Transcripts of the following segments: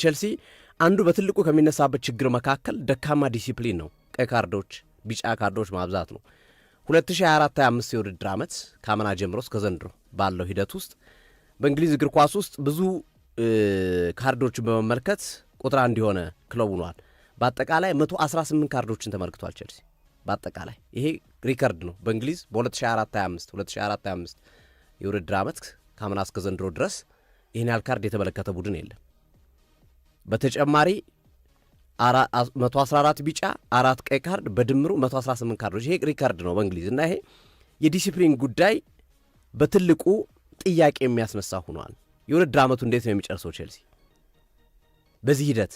ቼልሲ አንዱ በትልቁ ከሚነሳበት ችግር መካከል ደካማ ዲሲፕሊን ነው። ቀይ ካርዶች፣ ቢጫ ካርዶች ማብዛት ነው። 2024/25 የውድድር ዓመት ከአምና ጀምሮ እስከ ዘንድሮ ባለው ሂደት ውስጥ በእንግሊዝ እግር ኳስ ውስጥ ብዙ ካርዶችን በመመልከት ቁጥር አንድ የሆነ ክለብ ሆኗል። በአጠቃላይ 118 ካርዶችን ተመልክቷል ቼልሲ። በአጠቃላይ ይሄ ሪከርድ ነው በእንግሊዝ በ2024/25 2024/25 የውድድር ዓመት ከአምና እስከ ዘንድሮ ድረስ ይህን ያህል ካርድ የተመለከተ ቡድን የለም። በተጨማሪ 114 ቢጫ አራት ቀይ ካርድ በድምሩ 118 ካርዶች። ይሄ ሪከርድ ነው በእንግሊዝ እና ይሄ የዲሲፕሊን ጉዳይ በትልቁ ጥያቄ የሚያስነሳ ሆኗል። የውድድር ዓመቱ እንዴት ነው የሚጨርሰው ቼልሲ? በዚህ ሂደት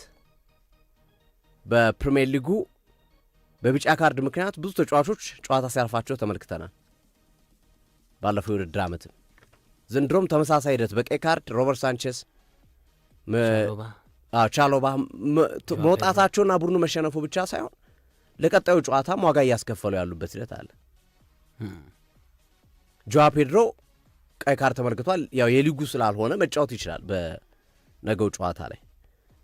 በፕሪምየር ሊጉ በቢጫ ካርድ ምክንያት ብዙ ተጫዋቾች ጨዋታ ሲያልፋቸው ተመልክተናል። ባለፈው የውድድር ዓመትም ዘንድሮም ተመሳሳይ ሂደት በቀይ ካርድ ሮበርት ሳንቼስ ቻሎባ መውጣታቸውና ቡድኑ መሸነፉ ብቻ ሳይሆን ለቀጣዩ ጨዋታም ዋጋ እያስከፈሉ ያሉበት ሂደት አለ። ጆዋ ፔድሮ ቀይ ካርድ ተመልክቷል። ያው የሊጉ ስላልሆነ መጫወት ይችላል በነገው ጨዋታ ላይ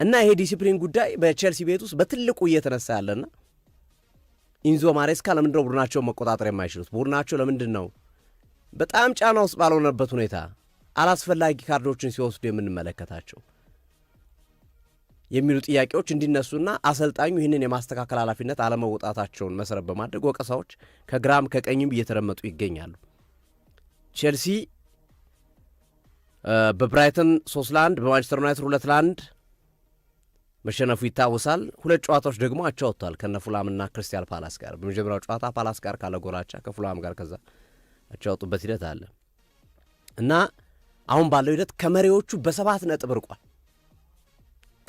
እና ይሄ ዲሲፕሊን ጉዳይ በቼልሲ ቤት ውስጥ በትልቁ እየተነሳ ያለና ኢንዞ ማሬስካ ለምንድን ነው ቡድናቸውን መቆጣጠር የማይችሉት? ቡድናቸው ለምንድን ነው በጣም ጫና ውስጥ ባልሆነበት ሁኔታ አላስፈላጊ ካርዶችን ሲወስዱ የምንመለከታቸው? የሚሉ ጥያቄዎች እንዲነሱና አሰልጣኙ ይህንን የማስተካከል ኃላፊነት አለመውጣታቸውን መሰረት በማድረግ ወቀሳዎች ከግራም ከቀኝም እየተረመጡ ይገኛሉ። ቼልሲ በብራይተን ሶስት ለአንድ በማንቸስተር ዩናይትድ ሁለት ለአንድ መሸነፉ ይታወሳል። ሁለት ጨዋታዎች ደግሞ አቻ ወጥቷል ከነ ፉላምና ክርስቲያል ፓላስ ጋር። በመጀመሪያው ጨዋታ ፓላስ ጋር ካለ ጎላቻ ከፉላም ጋር ከዛ አቻ ሂደት አለ እና አሁን ባለው ሂደት ከመሪዎቹ በሰባት ነጥብ ርቋል።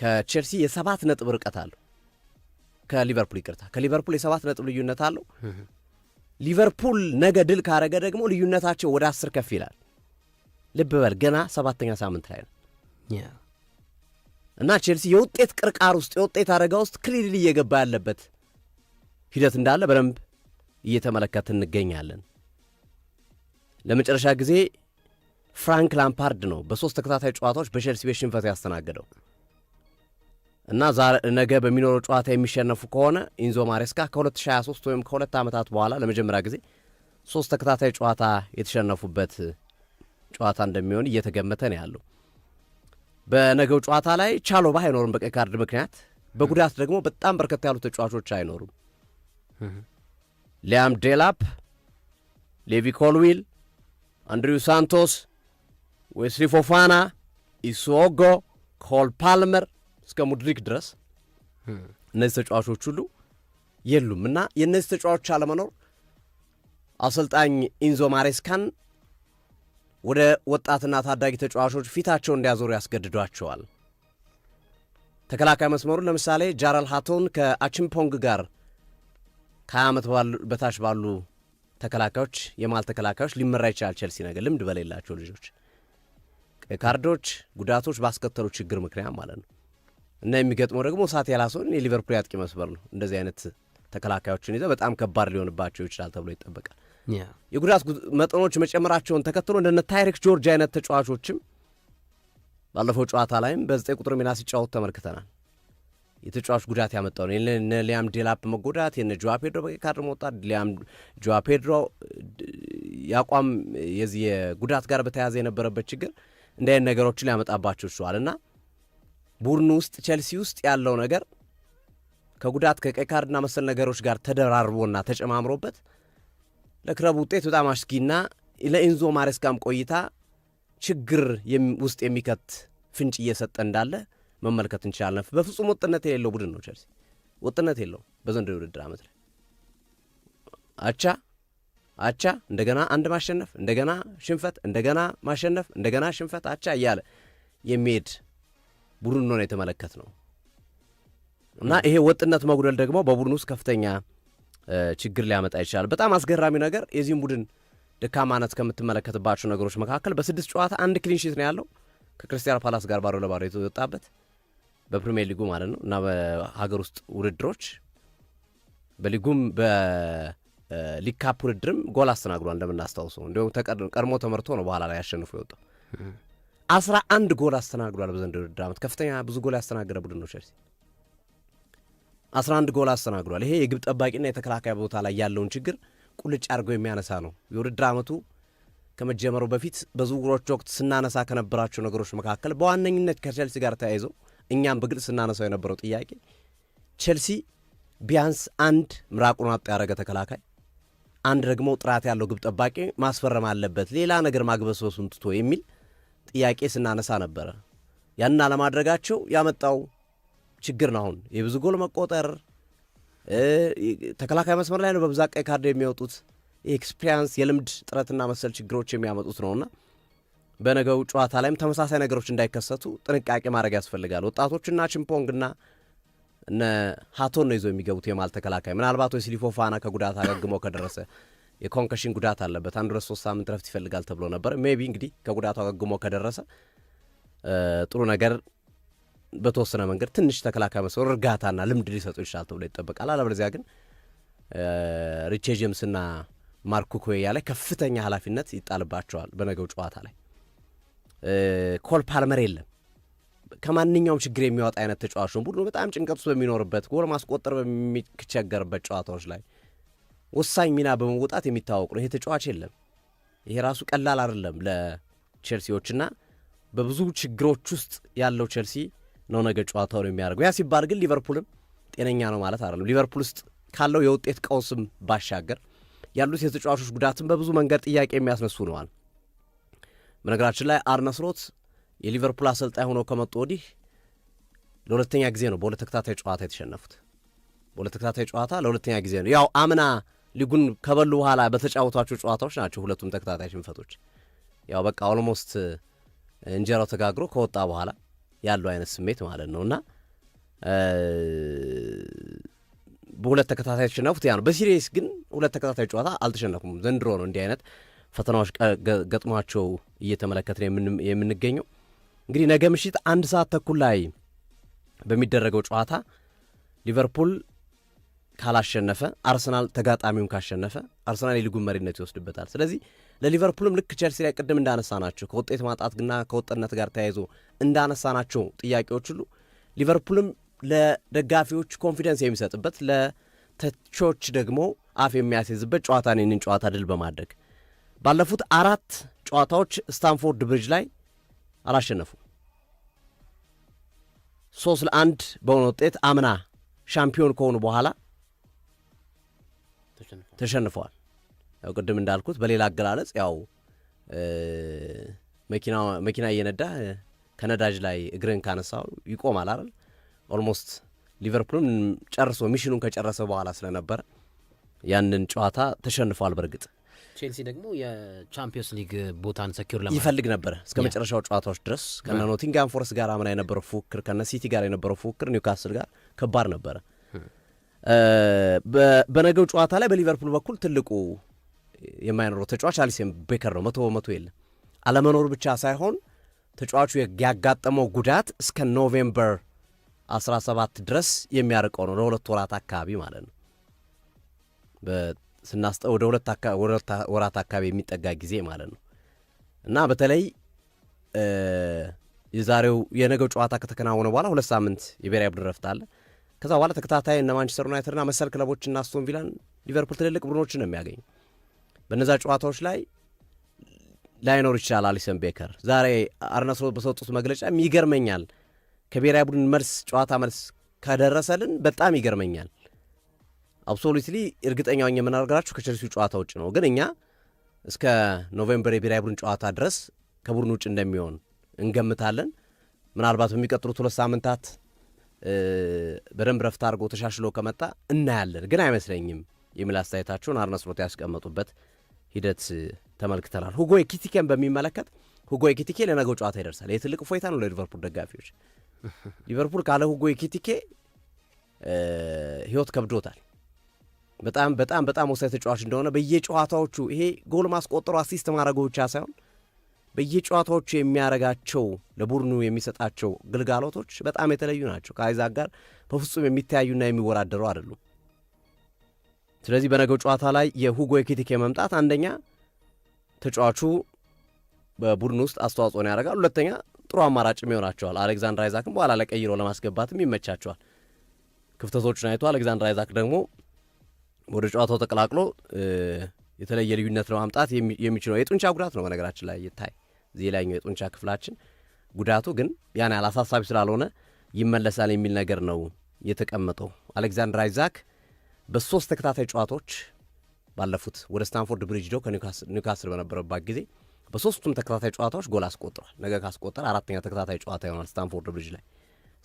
ከቼልሲ የሰባት ነጥብ ርቀት አለው። ከሊቨርፑል ይቅርታ፣ ከሊቨርፑል የሰባት ነጥብ ልዩነት አለው። ሊቨርፑል ነገ ድል ካረገ ደግሞ ልዩነታቸው ወደ አስር ከፍ ይላል። ልብ በል ገና ሰባተኛ ሳምንት ላይ ነው እና ቼልሲ የውጤት ቅርቃር ውስጥ የውጤት አደጋ ውስጥ ክሊል እየገባ ያለበት ሂደት እንዳለ በደንብ እየተመለከት እንገኛለን። ለመጨረሻ ጊዜ ፍራንክ ላምፓርድ ነው በሶስት ተከታታይ ጨዋታዎች በቼልሲ ቤት ሽንፈት ያስተናገደው። እና ነገ በሚኖረው ጨዋታ የሚሸነፉ ከሆነ ኢንዞ ማሬስካ ከ2023 ወይም ከሁለት ዓመታት በኋላ ለመጀመሪያ ጊዜ ሶስት ተከታታይ ጨዋታ የተሸነፉበት ጨዋታ እንደሚሆን እየተገመተ ነው ያለው። በነገው ጨዋታ ላይ ቻሎባ አይኖርም በቀይ ካርድ ምክንያት። በጉዳት ደግሞ በጣም በርከት ያሉ ተጫዋቾች አይኖሩም። ሊያም ዴላፕ፣ ሌቪ ኮልዊል፣ አንድሪው ሳንቶስ፣ ዌስሊ ፎፋና፣ ኢሱኦጎ፣ ኮል ፓልመር እስከ ሙድሪክ ድረስ እነዚህ ተጫዋቾች ሁሉ የሉም እና የእነዚህ ተጫዋቾች አለመኖር አሰልጣኝ ኢንዞ ማሬስካን ወደ ወጣትና ታዳጊ ተጫዋቾች ፊታቸው እንዲያዞሩ ያስገድዷቸዋል። ተከላካይ መስመሩን ለምሳሌ ጃራል ሃቶን ከአችምፖንግ ጋር ከ ዓመት በታች ባሉ ተከላካዮች የማል ተከላካዮች ሊመራ ይችላል። ቸልሲ ነገ ልምድ በሌላቸው ልጆች ቀይ ካርዶች፣ ጉዳቶች ባስከተሉ ችግር ምክንያት ማለት ነው። እና የሚገጥመው ደግሞ ሳት ያላሰውን የሊቨርፑል ያጥቂ መስበር ነው። እንደዚህ አይነት ተከላካዮችን ይዘ በጣም ከባድ ሊሆንባቸው ይችላል ተብሎ ይጠበቃል። የጉዳት መጠኖች መጨመራቸውን ተከትሎ እንደነ ታይሪክ ጆርጅ አይነት ተጫዋቾችም ባለፈው ጨዋታ ላይም በዘጠኝ ቁጥር ሚና ሲጫወቱ ተመልክተናል። የተጫዋች ጉዳት ያመጣው ነው። የነ ሊያም ዴላፕ መጎዳት፣ የነ ጆዋ ፔድሮ በካርድ መውጣት፣ ሊያም ጆዋ ፔድሮ የአቋም የዚህ የጉዳት ጋር በተያያዘ የነበረበት ችግር እንዲህ አይነት ነገሮችን ሊያመጣባቸው ይችላል እና ቡድኑ ውስጥ ቼልሲ ውስጥ ያለው ነገር ከጉዳት ከቀይ ካርድና መሰል ነገሮች ጋር ተደራርቦና ተጨማምሮበት ለክረብ ውጤት በጣም አስጊና ለኢንዞ ማሬስካም ቆይታ ችግር ውስጥ የሚከት ፍንጭ እየሰጠ እንዳለ መመልከት እንችላለን። በፍጹም ወጥነት የሌለው ቡድን ነው ቼልሲ፣ ወጥነት የለው በዘንድሮ ውድድር ዓመት ላይ አቻ አቻ እንደገና አንድ ማሸነፍ እንደገና ሽንፈት እንደገና ማሸነፍ እንደገና ሽንፈት አቻ እያለ የሚሄድ ቡድን ነው የተመለከት ነው እና ይሄ ወጥነት መጉደል ደግሞ በቡድን ውስጥ ከፍተኛ ችግር ሊያመጣ ይችላል። በጣም አስገራሚ ነገር የዚህም ቡድን ደካማነት ከምትመለከትባቸው ነገሮች መካከል በስድስት ጨዋታ አንድ ክሊንሺት ነው ያለው ከክርስቲያን ፓላስ ጋር ባዶ ለባዶ የተወጣበት በፕሪሚየር ሊጉ ማለት ነው እና በሀገር ውስጥ ውድድሮች በሊጉም በሊግ ካፕ ውድድርም ጎል አስተናግዷል እንደምናስታውሰው እንዲሁም ቀድሞ ተመርቶ ነው በኋላ ላይ ያሸንፎ የወጣው። አስራ አንድ ጎል አስተናግዷል። በዘንድሮ ውድድር አመት ከፍተኛ ብዙ ጎል ያስተናገረ ቡድን ነው ቸልሲ። አስራ አንድ ጎል አስተናግዷል። ይሄ የግብ ጠባቂና የተከላካይ ቦታ ላይ ያለውን ችግር ቁልጭ አድርጎ የሚያነሳ ነው። የውድድር ዓመቱ ከመጀመሩ በፊት በዝውውሮች ወቅት ስናነሳ ከነበራቸው ነገሮች መካከል በዋነኝነት ከቸልሲ ጋር ተያይዘው እኛም በግልጽ ስናነሳው የነበረው ጥያቄ ቸልሲ ቢያንስ አንድ ምራቁን አጥ ያደረገ ተከላካይ፣ አንድ ደግሞ ጥራት ያለው ግብ ጠባቂ ማስፈረም አለበት፣ ሌላ ነገር ማግበስበሱን ትቶ የሚል ጥያቄ ስናነሳ ነበረ። ያንን አለማድረጋቸው ያመጣው ችግር ነው። አሁን የብዙ ጎል መቆጠር ተከላካይ መስመር ላይ ነው በብዛት ቀይ ካርድ የሚወጡት የኤክስፔሪያንስ የልምድ ጥረትና መሰል ችግሮች የሚያመጡት ነውና በነገው ጨዋታ ላይም ተመሳሳይ ነገሮች እንዳይከሰቱ ጥንቃቄ ማድረግ ያስፈልጋል። ወጣቶችና ቺምፖንግና እነ ሀቶን ነው ይዘው የሚገቡት የማል ተከላካይ ምናልባት ወይ ሲሊፎፋና ከጉዳት አገግሞ ከደረሰ የኮንከሽን ጉዳት አለበት። አንድ ሁለት ሶስት ሳምንት ረፍት ይፈልጋል ተብሎ ነበር። ሜቢ እንግዲህ ከጉዳቱ አገግሞ ከደረሰ ጥሩ ነገር በተወሰነ መንገድ ትንሽ ተከላካይ መስሎ እርጋታና ልምድ ሊሰጡ ይችላል ተብሎ ይጠበቃል። አለበለዚያ ግን ሪቼ ጄምስና ማርኩ ኩዌያ ላይ ከፍተኛ ኃላፊነት ይጣልባቸዋል። በነገው ጨዋታ ላይ ኮል ፓልመር የለም። ከማንኛውም ችግር የሚወጣ አይነት ተጫዋች ነው። ቡድኑ በጣም ጭንቀት ውስጥ በሚኖርበት፣ ጎል ማስቆጠር በሚቸገርበት ጨዋታዎች ላይ ወሳኝ ሚና በመወጣት የሚታወቅ ነው። ይሄ ተጫዋች የለም። ይሄ ራሱ ቀላል አይደለም ለቼልሲዎችና በብዙ ችግሮች ውስጥ ያለው ቼልሲ ነው ነገ ጨዋታው ነው የሚያደርገው። ያ ሲባል ግን ሊቨርፑልም ጤነኛ ነው ማለት አይደለም። ሊቨርፑል ውስጥ ካለው የውጤት ቀውስም ባሻገር ያሉት የተጫዋቾች ጉዳትም በብዙ መንገድ ጥያቄ የሚያስነሱ ነዋል። በነገራችን ላይ አርነ ስሎት የሊቨርፑል አሰልጣኝ ሆኖ ከመጡ ወዲህ ለሁለተኛ ጊዜ ነው በሁለት ተከታታይ ጨዋታ የተሸነፉት። በሁለት ተከታታይ ጨዋታ ለሁለተኛ ጊዜ ነው። ያው አምና ሊጉን ከበሉ በኋላ በተጫወቷቸው ጨዋታዎች ናቸው ሁለቱም ተከታታይ ሽንፈቶች። ያው በቃ ኦልሞስት እንጀራው ተጋግሮ ከወጣ በኋላ ያለው አይነት ስሜት ማለት ነው እና በሁለት ተከታታይ ተሸነፉት። ያ ነው በሲሪስ ግን ሁለት ተከታታይ ጨዋታ አልተሸነፉም። ዘንድሮ ነው እንዲህ አይነት ፈተናዎች ገጥሟቸው እየተመለከት ነው የምንገኘው። እንግዲህ ነገ ምሽት አንድ ሰዓት ተኩል ላይ በሚደረገው ጨዋታ ሊቨርፑል ካላሸነፈ አርሰናል ተጋጣሚውን ካሸነፈ አርሰናል የሊጉን መሪነት ይወስድበታል። ስለዚህ ለሊቨርፑልም ልክ ቸልሲ ላይ ቅድም እንዳነሳ ናቸው ከውጤት ማጣትና ከወጥነት ጋር ተያይዞ እንዳነሳ ናቸው ጥያቄዎች ሁሉ ሊቨርፑልም ለደጋፊዎች ኮንፊደንስ የሚሰጥበት ለተቾች ደግሞ አፍ የሚያስይዝበት ጨዋታ ይህንን ጨዋታ ድል በማድረግ ባለፉት አራት ጨዋታዎች ስታንፎርድ ብሪጅ ላይ አላሸነፉም። ሶስት ለአንድ በሆነ ውጤት አምና ሻምፒዮን ከሆኑ በኋላ ተሸንፈዋል። ያው ቅድም እንዳልኩት በሌላ አገላለጽ ያው መኪና እየነዳ ከነዳጅ ላይ እግርን ካነሳው ይቆማል አይደል? ኦልሞስት ሊቨርፑልም ጨርሶ ሚሽኑን ከጨረሰ በኋላ ስለነበረ ያንን ጨዋታ ተሸንፏል። በእርግጥ ቼልሲ ደግሞ የቻምፒዮንስ ሊግ ቦታን ሰኪር ይፈልግ ነበረ እስከ መጨረሻው ጨዋታዎች ድረስ ከነ ኖቲንግሃም ፎረስት ጋር አምና የነበረው ፉክክር፣ ከነ ሲቲ ጋር የነበረው ፉክክር፣ ኒውካስል ጋር ከባድ ነበረ። በነገው ጨዋታ ላይ በሊቨርፑል በኩል ትልቁ የማይኖረው ተጫዋች አሊሰን ቤከር ነው። መቶ በመቶ የለም። አለመኖር ብቻ ሳይሆን ተጫዋቹ ያጋጠመው ጉዳት እስከ ኖቬምበር 17 ድረስ የሚያርቀው ነው። ለሁለት ወራት አካባቢ ማለት ነው ስናስጠ ወደ ሁለት ወራት አካባቢ የሚጠጋ ጊዜ ማለት ነው እና በተለይ የዛሬው የነገው ጨዋታ ከተከናወነ በኋላ ሁለት ሳምንት የብሔራዊ ቡድን ረፍት አለ። ከዛ በኋላ ተከታታይ እነ ማንቸስተር ዩናይትድና መሰል ክለቦችና አስቶን ቪላን፣ ሊቨርፑል ትልልቅ ቡድኖችን ነው የሚያገኙ። በነዛ ጨዋታዎች ላይ ላይኖር ይችላል አሊሰን ቤከር። ዛሬ አርነሶ በሰጡት መግለጫ ይገርመኛል። ከብሔራዊ ቡድን መልስ ጨዋታ መልስ ከደረሰልን በጣም ይገርመኛል። አብሶሉትሊ እርግጠኛ ሆኜ የምናገራችሁ ከቸልሲው ጨዋታ ውጭ ነው፣ ግን እኛ እስከ ኖቬምበር የብሔራዊ ቡድን ጨዋታ ድረስ ከቡድን ውጭ እንደሚሆን እንገምታለን። ምናልባት በሚቀጥሉት ሁለት ሳምንታት በደንብ ረፍት አድርጎ ተሻሽሎ ከመጣ እናያለን፣ ግን አይመስለኝም የሚል አስተያየታቸውን አርነ ስሎት ያስቀመጡበት ሂደት ተመልክተናል። ሁጎ ኤኪቲኬን በሚመለከት ሁጎ ኤኪቲኬ ለነገው ጨዋታ ይደርሳል። ይህ ትልቅ እፎይታ ነው ለሊቨርፑል ደጋፊዎች። ሊቨርፑል ካለ ሁጎ ኤኪቲኬ ህይወት ከብዶታል። በጣም በጣም በጣም ወሳኝ ተጫዋች እንደሆነ በየጨዋታዎቹ ይሄ ጎል ማስቆጠሩ አሲስት ማድረጉ ብቻ ሳይሆን በየጨዋታዎቹ የሚያረጋቸው ለቡድኑ የሚሰጣቸው ግልጋሎቶች በጣም የተለዩ ናቸው። ከአይዛክ ጋር በፍጹም የሚተያዩና የሚወዳደሩ አይደሉም። ስለዚህ በነገው ጨዋታ ላይ የሁጎ ኤኪቲኬ መምጣት አንደኛ ተጫዋቹ በቡድን ውስጥ አስተዋጽኦን ያደርጋል፣ ሁለተኛ ጥሩ አማራጭም ይሆናቸዋል። አሌክዛንድር አይዛክም በኋላ ለቀይሮ ለማስገባትም ይመቻቸዋል። ክፍተቶቹን አይቶ አሌክዛንድር አይዛክ ደግሞ ወደ ጨዋታው ተቀላቅሎ የተለየ ልዩነት ለማምጣት የሚችለው የጡንቻ ጉዳት ነው። በነገራችን ላይ ይታይ የላይኛው የጡንቻ ክፍላችን ጉዳቱ ግን ያን ያህል አሳሳቢ ስላልሆነ ይመለሳል የሚል ነገር ነው የተቀመጠው። አሌክዛንደር አይዛክ በሶስት ተከታታይ ጨዋታዎች ባለፉት ወደ ስታንፎርድ ብሪጅ ዶ ከኒውካስል በነበረባት ጊዜ በሶስቱም ተከታታይ ጨዋታዎች ጎል አስቆጥሯል። ነገ ካስቆጠረ አራተኛ ተከታታይ ጨዋታ ይሆናል ስታንፎርድ ብሪጅ ላይ።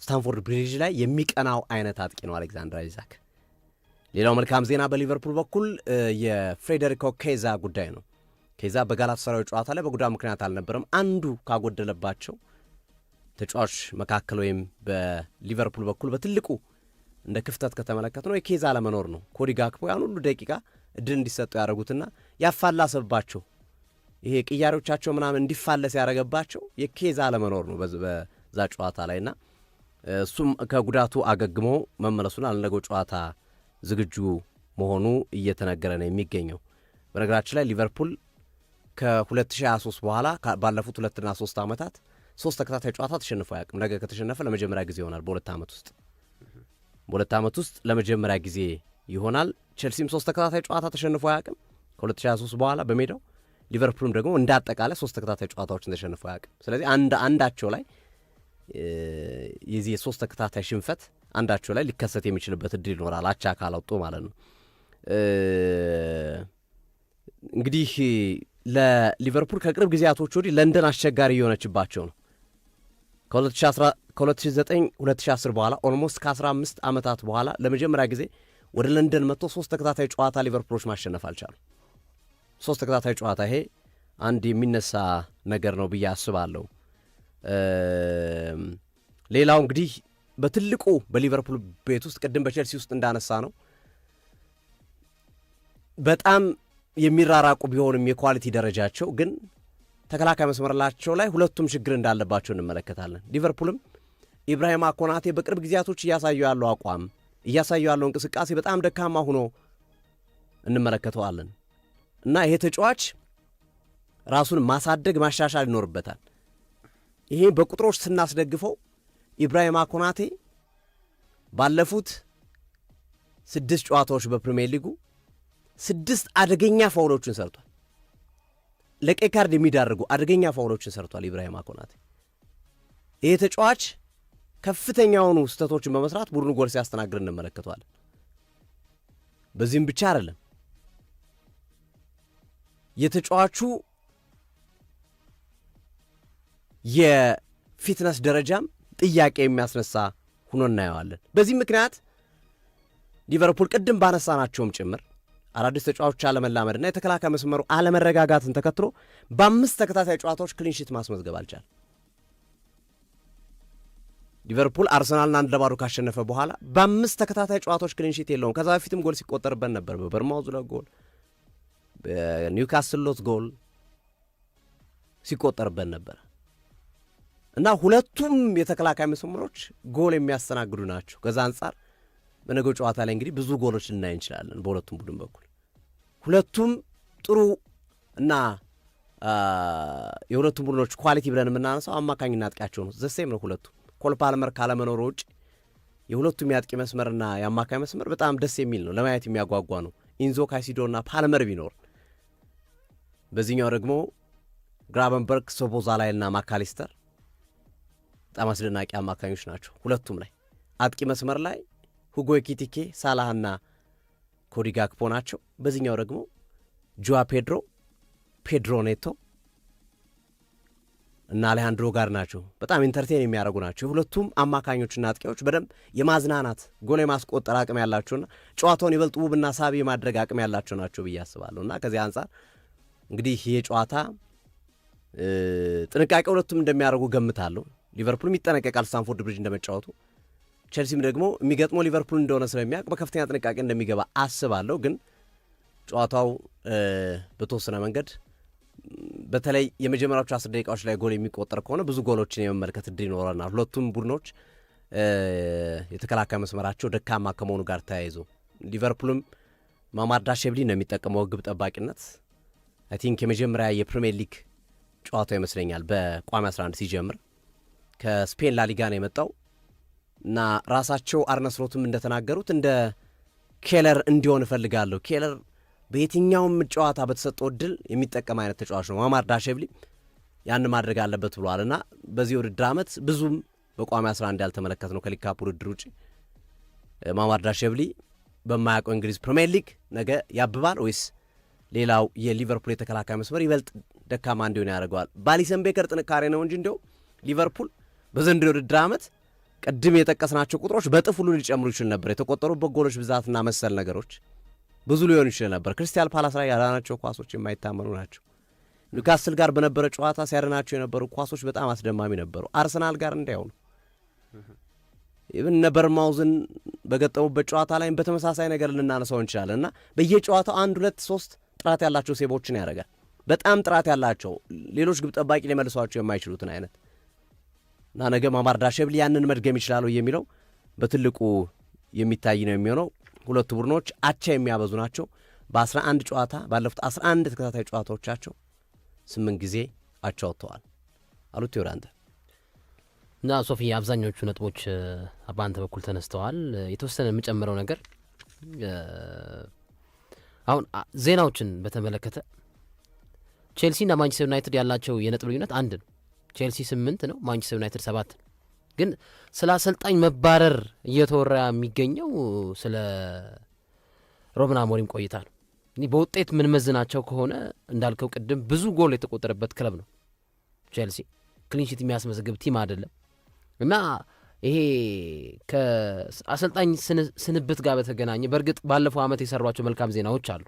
ስታንፎርድ ብሪጅ ላይ የሚቀናው አይነት አጥቂ ነው አሌክዛንደር አይዛክ። ሌላው መልካም ዜና በሊቨርፑል በኩል የፍሬደሪኮ ኬዛ ጉዳይ ነው። ከዛ በጋላታሳራዩ ጨዋታ ላይ በጉዳት ምክንያት አልነበረም። አንዱ ካጎደለባቸው ተጫዋች መካከል ወይም በሊቨርፑል በኩል በትልቁ እንደ ክፍተት ከተመለከት ነው የኬዛ ለመኖር ነው። ኮዲ ጋክፖ ያን ሁሉ ደቂቃ እድል እንዲሰጡ ያደረጉትና ያፋላሰባቸው ይሄ ቅያሬዎቻቸው ምናምን እንዲፋለስ ያደረገባቸው የኬዛ ለመኖር ነው በዛ ጨዋታ ላይና እሱም ከጉዳቱ አገግሞ መመለሱን አልነገው ጨዋታ ዝግጁ መሆኑ እየተነገረ ነው የሚገኘው። በነገራችን ላይ ሊቨርፑል ከ2023 በኋላ ባለፉት ሁለትና ሶስት ዓመታት ሶስት ተከታታይ ጨዋታ ተሸንፎ አያውቅም። ነገ ከተሸነፈ ለመጀመሪያ ጊዜ ይሆናል በሁለት ዓመት ውስጥ በሁለት ዓመት ውስጥ ለመጀመሪያ ጊዜ ይሆናል። ቼልሲም ሶስት ተከታታይ ጨዋታ ተሸንፎ አያውቅም ከ2023 በኋላ በሜዳው ሊቨርፑልም ደግሞ እንደ አጠቃላይ ሶስት ተከታታይ ጨዋታዎችን ተሸንፎ አያውቅም። ስለዚህ አንድ አንዳቸው ላይ የዚህ የሶስት ተከታታይ ሽንፈት አንዳቸው ላይ ሊከሰት የሚችልበት እድል ይኖራል፣ አቻ ካላወጡ ማለት ነው። እንግዲህ ለሊቨርፑል ከቅርብ ጊዜያቶች ወዲህ ለንደን አስቸጋሪ እየሆነችባቸው ነው። ከ2009 2010 በኋላ ኦልሞስት ከ15 ዓመታት በኋላ ለመጀመሪያ ጊዜ ወደ ለንደን መጥቶ ሶስት ተከታታይ ጨዋታ ሊቨርፑሎች ማሸነፍ አልቻሉ። ሶስት ተከታታይ ጨዋታ ይሄ አንድ የሚነሳ ነገር ነው ብዬ አስባለሁ። ሌላው እንግዲህ በትልቁ በሊቨርፑል ቤት ውስጥ ቅድም በቼልሲ ውስጥ እንዳነሳ ነው በጣም የሚራራቁ ቢሆንም የኳሊቲ ደረጃቸው ግን ተከላካይ መስመርላቸው ላይ ሁለቱም ችግር እንዳለባቸው እንመለከታለን። ሊቨርፑልም ኢብራሂማ ኮናቴ በቅርብ ጊዜያቶች እያሳዩ ያለው አቋም እያሳዩ ያለው እንቅስቃሴ በጣም ደካማ ሆኖ እንመለከተዋለን እና ይሄ ተጫዋች ራሱን ማሳደግ ማሻሻል ይኖርበታል። ይሄ በቁጥሮች ስናስደግፈው ኢብራሂማ ኮናቴ ባለፉት ስድስት ጨዋታዎች በፕሪሚየር ሊጉ ስድስት አደገኛ ፋውሎችን ሰርቷል። ለቀይ ካርድ የሚዳርጉ አደገኛ ፋውሎችን ሰርቷል። ኢብራሂማ ኮናቴ ይህ ተጫዋች ከፍተኛውኑ ስህተቶችን በመስራት ቡድኑ ጎል ሲያስተናግድ እንመለከተዋለን። በዚህም ብቻ አይደለም የተጫዋቹ የፊትነስ ደረጃም ጥያቄ የሚያስነሳ ሁኖ እናየዋለን። በዚህ ምክንያት ሊቨርፑል ቅድም ባነሳናቸውም ጭምር አዳዲስ ተጫዋቾች አለመላመድና የተከላካይ መስመሩ አለመረጋጋትን ተከትሎ በአምስት ተከታታይ ጨዋታዎች ክሊንሺት ማስመዝገብ አልቻለም። ሊቨርፑል አርሰናልን አንድ ለባዶ ካሸነፈ በኋላ በአምስት ተከታታይ ጨዋታዎች ክሊንሺት የለውም። ከዛ በፊትም ጎል ሲቆጠርበት ነበር። በበርማውዝ ለጎል በኒውካስል ሎት ጎል ሲቆጠርበት ነበር እና ሁለቱም የተከላካይ መስመሮች ጎል የሚያስተናግዱ ናቸው። ከዛ አንጻር በነገው ጨዋታ ላይ እንግዲህ ብዙ ጎሎች ልናይ እንችላለን። በሁለቱም ቡድን በኩል ሁለቱም ጥሩ እና የሁለቱም ቡድኖች ኳሊቲ ብለን የምናነሳው አማካኝና አጥቂያቸው ነው። ዘሴም ነው ሁለቱም ኮል ፓልመር ውጭ የሁለቱም የአጥቂ መስመርና የአማካኝ መስመር በጣም ደስ የሚል ነው፣ ለማየት የሚያጓጓ ነው። ኢንዞ ካይሲዶና ፓልመር ቢኖር በዚህኛው ደግሞ ግራቨንበርግ ሶቦዛላይና ማካሊስተር በጣም አስደናቂ አማካኞች ናቸው። ሁለቱም ላይ አጥቂ መስመር ላይ ሁጎ ኪቲኬ፣ ሳላህና ኮዲ ጋክፖ ናቸው። በዚህኛው ደግሞ ጁዋ ፔድሮ፣ ፔድሮ ኔቶ እና አሌሃንድሮ ጋር ናቸው። በጣም ኢንተርቴን የሚያደርጉ ናቸው። የሁለቱም አማካኞችና አጥቂዎች በደንብ የማዝናናት ጎል የማስቆጠር አቅም ያላቸውና ጨዋታውን ይበልጥ ውብና ሳቢ የማድረግ አቅም ያላቸው ናቸው ብዬ አስባለሁ። እና ከዚህ አንጻር እንግዲህ ይሄ ጨዋታ ጥንቃቄ ሁለቱም እንደሚያደርጉ ገምታለሁ። ሊቨርፑልም ይጠነቀቃል ስታንፎርድ ብሪጅ እንደመጫወቱ ቸልሲም ደግሞ የሚገጥመው ሊቨርፑል እንደሆነ ስለሚያውቅ በከፍተኛ ጥንቃቄ እንደሚገባ አስባለሁ። ግን ጨዋታው በተወሰነ መንገድ በተለይ የመጀመሪያዎቹ አስር ደቂቃዎች ላይ ጎል የሚቆጠር ከሆነ ብዙ ጎሎችን የመመልከት እድል ይኖረናል። ሁለቱም ቡድኖች የተከላካይ መስመራቸው ደካማ ከመሆኑ ጋር ተያይዞ ሊቨርፑልም ማማርዳ ሼብሊ ነው የሚጠቀመው ግብ ጠባቂነት። አይ ቲንክ የመጀመሪያ የፕሪሚየር ሊግ ጨዋታው ይመስለኛል በቋሚ 11 ሲጀምር ከስፔን ላሊጋ ነው የመጣው። እና ራሳቸው አርነስሎትም እንደተናገሩት እንደ ኬለር እንዲሆን እፈልጋለሁ። ኬለር በየትኛውም ጨዋታ በተሰጠው እድል የሚጠቀም አይነት ተጫዋች ነው። ማማር ዳሸብሊ ያን ማድረግ አለበት ብሏል። እና በዚህ ውድድር ዓመት ብዙም በቋሚ 11 ያልተመለከት ነው ከሊካፕ ውድድር ውጭ ማማር ዳሸብሊ በማያውቀው እንግሊዝ ፕሪምየር ሊግ ነገ ያብባል ወይስ ሌላው የሊቨርፑል የተከላካይ መስመር ይበልጥ ደካማ እንዲሆን ያደርገዋል? ባሊሰን ቤከር ጥንካሬ ነው እንጂ እንዲያው ሊቨርፑል በዘንድሮ ውድድር ዓመት ቅድም የጠቀስናቸው ቁጥሮች በጥፍ ሁሉ ሊጨምሩ ይችል ነበር። የተቆጠሩበት ጎሎች ብዛትና መሰል ነገሮች ብዙ ሊሆን ይችል ነበር። ክርስቲያል ፓላስ ላይ ያዳናቸው ኳሶች የማይታመኑ ናቸው። ኒውካስል ጋር በነበረ ጨዋታ ሲያደናቸው የነበሩ ኳሶች በጣም አስደማሚ ነበሩ። አርሰናል ጋር እንዳይሆኑ ነበር ማውዝን በገጠሙበት ጨዋታ ላይም በተመሳሳይ ነገር ልናነሳው እንችላለን እና በየጨዋታው አንድ ሁለት ሶስት ጥራት ያላቸው ሴቦችን ያደርጋል። በጣም ጥራት ያላቸው ሌሎች ግብ ጠባቂ ሊመልሷቸው የማይችሉትን አይነት እና ነገ ማማር ዳሸብል ያንን መድገም ይችላሉ የሚለው በትልቁ የሚታይ ነው የሚሆነው። ሁለቱ ቡድኖች አቻ የሚያበዙ ናቸው። በ11 ጨዋታ ባለፉት 11 ተከታታይ ጨዋታዎቻቸው ስምንት ጊዜ አቻ ወጥተዋል። አሉት ዮራንተ እና ሶፊ አብዛኞቹ ነጥቦች በአንተ በኩል ተነስተዋል። የተወሰነ የምጨምረው ነገር አሁን ዜናዎችን በተመለከተ ቼልሲና ማንቸስተር ዩናይትድ ያላቸው የነጥብ ልዩነት አንድ ነው። ቼልሲ ስምንት ነው፣ ማንቸስተር ዩናይትድ ሰባት ነው። ግን ስለ አሰልጣኝ መባረር እየተወራ የሚገኘው ስለ ሮብን አሞሪም ቆይታ ነው። እኔ በውጤት የምንመዝናቸው ከሆነ እንዳልከው ቅድም ብዙ ጎል የተቆጠረበት ክለብ ነው ቼልሲ። ክሊንሺት የሚያስመዘግብ ቲም አይደለም እና ይሄ ከአሰልጣኝ ስንብት ጋር በተገናኘ በእርግጥ ባለፈው ዓመት የሰሯቸው መልካም ዜናዎች አሉ።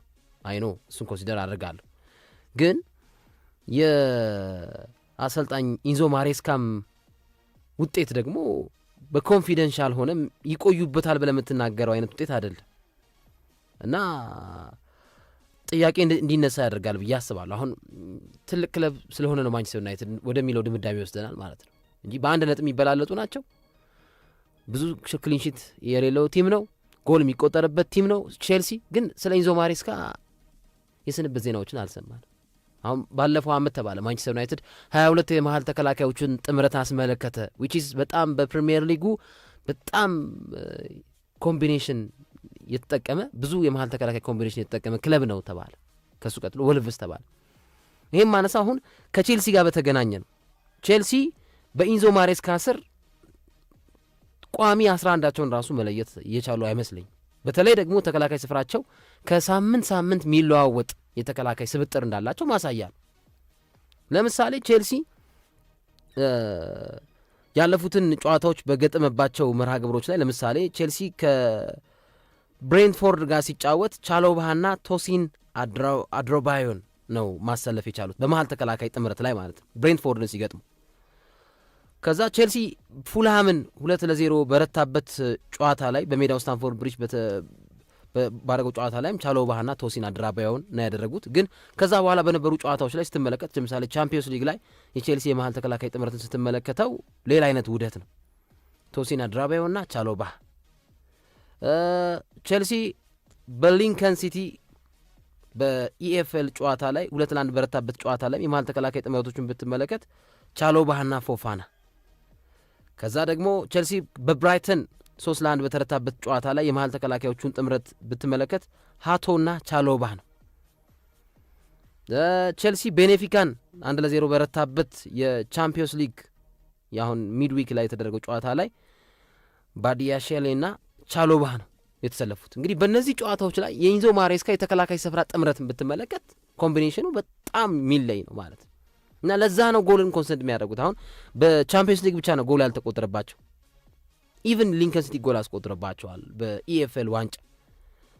አይኖ እሱን ኮንሲደር አድርጋለሁ ግን አሰልጣኝ ኢንዞ ማሬስካም ውጤት ደግሞ በኮንፊደንሻል ሆነም ይቆዩበታል ብለህ የምትናገረው አይነት ውጤት አይደለም እና ጥያቄ እንዲነሳ ያደርጋል ብዬ አስባለሁ። አሁን ትልቅ ክለብ ስለሆነ ነው ማንቸስተር ዩናይትድ ወደሚለው ድምዳሜ ይወስደናል ማለት ነው እንጂ በአንድ ነጥብ የሚበላለጡ ናቸው። ብዙ ክሊንሺት የሌለው ቲም ነው፣ ጎል የሚቆጠርበት ቲም ነው ቼልሲ። ግን ስለ ኢንዞ ማሬስካ የስንብት ዜናዎችን አልሰማንም። አሁን ባለፈው አመት ተባለ ማንቸስተር ዩናይትድ ሀያ ሁለት የመሀል ተከላካዮችን ጥምረት አስመለከተ ዊች ኢዝ በጣም በፕሪሚየር ሊጉ በጣም ኮምቢኔሽን የተጠቀመ ብዙ የመሀል ተከላካይ ኮምቢኔሽን የተጠቀመ ክለብ ነው ተባለ። ከሱ ቀጥሎ ወልቭስ ተባለ። ይህም ማነሳ አሁን ከቼልሲ ጋር በተገናኘ ነው። ቼልሲ በኢንዞ ማሬስካ ስር ቋሚ አስራ አንዳቸውን ራሱ መለየት እየቻሉ አይመስለኝም። በተለይ ደግሞ ተከላካይ ስፍራቸው ከሳምንት ሳምንት የሚለዋወጥ የተከላካይ ስብጥር እንዳላቸው ማሳያ ነው። ለምሳሌ ቼልሲ ያለፉትን ጨዋታዎች በገጠመባቸው መርሃ ግብሮች ላይ ለምሳሌ ቼልሲ ከብሬንትፎርድ ጋር ሲጫወት ቻሎባህና ቶሲን አድሮባዮን ነው ማሰለፍ የቻሉት በመሀል ተከላካይ ጥምረት ላይ ማለት ነው ብሬንትፎርድን ሲገጥሙ ከዛ ቼልሲ ፉልሃምን ሁለት ለዜሮ በረታበት ጨዋታ ላይ በሜዳው ስታንፎርድ ብሪጅ ባደረገው ጨዋታ ላይም ቻሎ ባህና ቶሲን አድራባያውን ነው ያደረጉት። ግን ከዛ በኋላ በነበሩ ጨዋታዎች ላይ ስትመለከት ለምሳሌ ቻምፒዮንስ ሊግ ላይ የቼልሲ የመሀል ተከላካይ ጥምረትን ስትመለከተው ሌላ አይነት ውህደት ነው። ቶሲን ና ቻሎ ባህ ቼልሲ በሊንከን ሲቲ በኢኤፍኤል ጨዋታ ላይ ሁለት ለአንድ በረታበት ጨዋታ ላይ የመሀል ተከላካይ ጥምረቶችን ብትመለከት ቻሎ ባህና ፎፋና ከዛ ደግሞ ቸልሲ በብራይተን ሶስት ለአንድ በተረታበት ጨዋታ ላይ የመሀል ተከላካዮቹን ጥምረት ብትመለከት ሀቶና ቻሎባ ነው። ቸልሲ ቤኔፊካን አንድ ለዜሮ በረታበት የቻምፒዮንስ ሊግ የአሁን ሚድዊክ ላይ የተደረገው ጨዋታ ላይ ባዲያሼሌና ቻሎባ ነው የተሰለፉት። እንግዲህ በእነዚህ ጨዋታዎች ላይ የኢንዞ ማሬስካ የተከላካይ ስፍራ ጥምረትን ብትመለከት ኮምቢኔሽኑ በጣም የሚለይ ነው ማለት ነው። እና ለዛ ነው ጎልን ኮንሰንት የሚያደርጉት። አሁን በቻምፒየንስ ሊግ ብቻ ነው ጎል ያልተቆጠረባቸው። ኢቭን ሊንከን ሲቲ ጎል አስቆጥረባቸዋል በኢኤፍኤል ዋንጫ።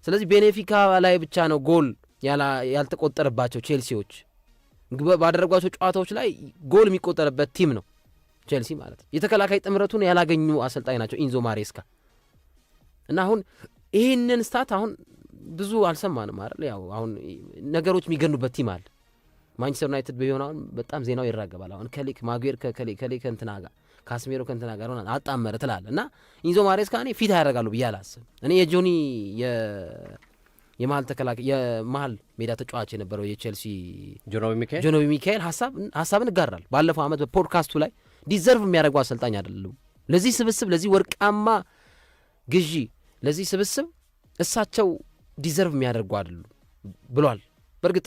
ስለዚህ ቤኔፊካ ላይ ብቻ ነው ጎል ያልተቆጠረባቸው ቼልሲዎች ባደረጓቸው ጨዋታዎች ላይ ጎል የሚቆጠርበት ቲም ነው ቼልሲ ማለት ነው። የተከላካይ ጥምረቱን ያላገኙ አሰልጣኝ ናቸው ኢንዞ ማሬስካ እና አሁን ይህንን ስታት አሁን ብዙ አልሰማንም አይደል? ያው አሁን ነገሮች የሚገኑበት ቲም አለ ማንቸስተር ዩናይትድ ቢሆን አሁን በጣም ዜናው ይራገባል። አሁን ከሊክ ማጉዌር ከሌክ ከእንትና ጋር ካስሜሮ ከእንትና ጋር ሆና አጣመረ ትላለ እና ኢንዞ ማሬስካ እኔ ፊት ያደርጋሉ ብዬ አላስብ። እኔ የጆኒ የመሀል ተከላካይ የመሀል ሜዳ ተጫዋች የነበረው የቼልሲ ጆኖቢ ሚካኤል ሀሳብን እጋራል። ባለፈው አመት በፖድካስቱ ላይ ዲዘርቭ የሚያደርጉ አሰልጣኝ አይደሉም። ለዚህ ስብስብ ለዚህ ወርቃማ ግዢ ለዚህ ስብስብ እሳቸው ዲዘርቭ የሚያደርጉ አይደሉም ብሏል። በእርግጥ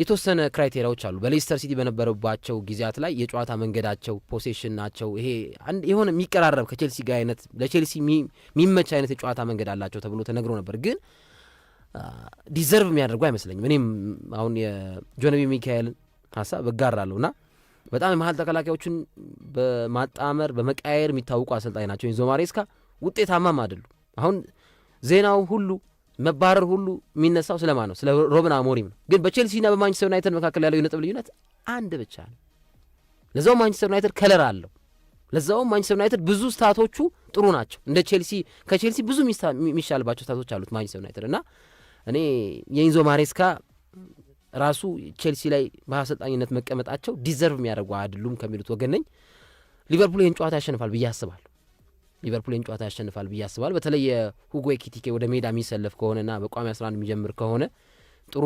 የተወሰነ ክራይቴሪያዎች አሉ። በሌስተር ሲቲ በነበረባቸው ጊዜያት ላይ የጨዋታ መንገዳቸው፣ ፖሴሽን ናቸው ይሄ የሆነ የሚቀራረብ ከቼልሲ ጋር አይነት ለቼልሲ የሚመች አይነት የጨዋታ መንገድ አላቸው ተብሎ ተነግሮ ነበር ግን ዲዘርቭ የሚያደርጉ አይመስለኝም። እኔም አሁን የጆነቢ ሚካኤል ሀሳብ እጋራለሁ እና በጣም የመሀል ተከላካዮቹን በማጣመር በመቀያየር የሚታወቁ አሰልጣኝ ናቸው። ኢንዞ ማሬስካ ውጤታማም አይደሉም። አሁን ዜናው ሁሉ መባረር ሁሉ የሚነሳው ስለማ ነው? ስለ ሮብን አሞሪም ነው። ግን በቼልሲና በማንቸስተር ዩናይትድ መካከል ያለው የነጥብ ልዩነት አንድ ብቻ ነው። ለዛውም ማንቸስተር ዩናይትድ ከለር አለው። ለዛውም ማንቸስተር ዩናይትድ ብዙ ስታቶቹ ጥሩ ናቸው። እንደ ቼልሲ ከቼልሲ ብዙ የሚሻልባቸው ስታቶች አሉት ማንቸስተር ዩናይትድ እና እኔ የኢንዞ ማሬስካ ራሱ ቼልሲ ላይ በአሰልጣኝነት መቀመጣቸው ዲዘርቭ የሚያደርጉ አይደሉም ከሚሉት ወገን ነኝ። ሊቨርፑል ይህን ጨዋታ ያሸንፋል ብዬ አስባለሁ። ሊቨርፑልን ጨዋታ ያሸንፋል ብዬ አስባል። በተለይ የሁጎ ኤኪቲኬ ወደ ሜዳ የሚሰለፍ ከሆነና በቋሚ 11 የሚጀምር ከሆነ ጥሩ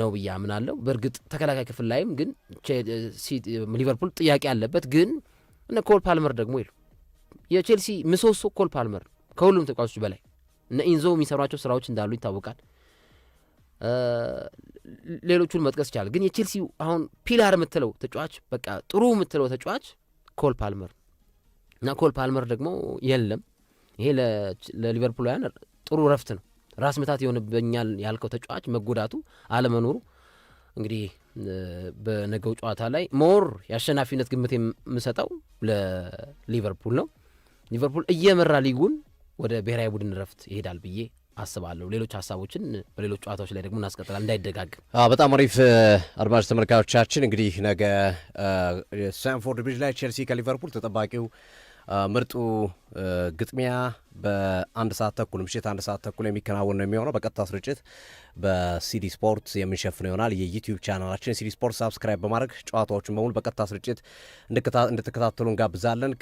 ነው ብዬ አምናለሁ። በእርግጥ ተከላካይ ክፍል ላይም ግን ሊቨርፑል ጥያቄ አለበት። ግን እነ ኮል ፓልመር ደግሞ ይሉ የቼልሲ ምሰሶ ኮል ፓልመር ከሁሉም ተጫዋቾች በላይ እነ ኢንዞ የሚሰሯቸው ስራዎች እንዳሉ ይታወቃል። ሌሎቹን መጥቀስ ይቻላል። ግን የቼልሲ አሁን ፒላር የምትለው ተጫዋች በቃ ጥሩ የምትለው ተጫዋች ኮል ፓልመር እና ኮል ፓልመር ደግሞ የለም። ይሄ ለሊቨርፑላውያን ጥሩ ረፍት ነው። ራስ ምታት የሆንብኛል ያልከው ተጫዋች መጎዳቱ አለመኖሩ እንግዲህ በነገው ጨዋታ ላይ ሞር የአሸናፊነት ግምት የምሰጠው ለሊቨርፑል ነው። ሊቨርፑል እየመራ ሊጉን ወደ ብሔራዊ ቡድን ረፍት ይሄዳል ብዬ አስባለሁ። ሌሎች ሀሳቦችን በሌሎች ጨዋታዎች ላይ ደግሞ እናስቀጥላል እንዳይደጋግም። በጣም አሪፍ አድማጭ ተመልካዮቻችን፣ እንግዲህ ነገ ስታንፎርድ ብሪጅ ላይ ቼልሲ ከሊቨርፑል ተጠባቂው ምርጡ ግጥሚያ በአንድ ሰዓት ተኩል ምሽት አንድ ሰዓት ተኩል የሚከናወን ነው የሚሆነው። በቀጥታ ስርጭት በሲዲ ስፖርት የምንሸፍነው ይሆናል። የዩቲዩብ ቻናላችን ሲዲ ስፖርት ሳብስክራይብ በማድረግ ጨዋታዎችን በሙሉ በቀጥታ ስርጭት እንድትከታተሉ እንጋብዛለን።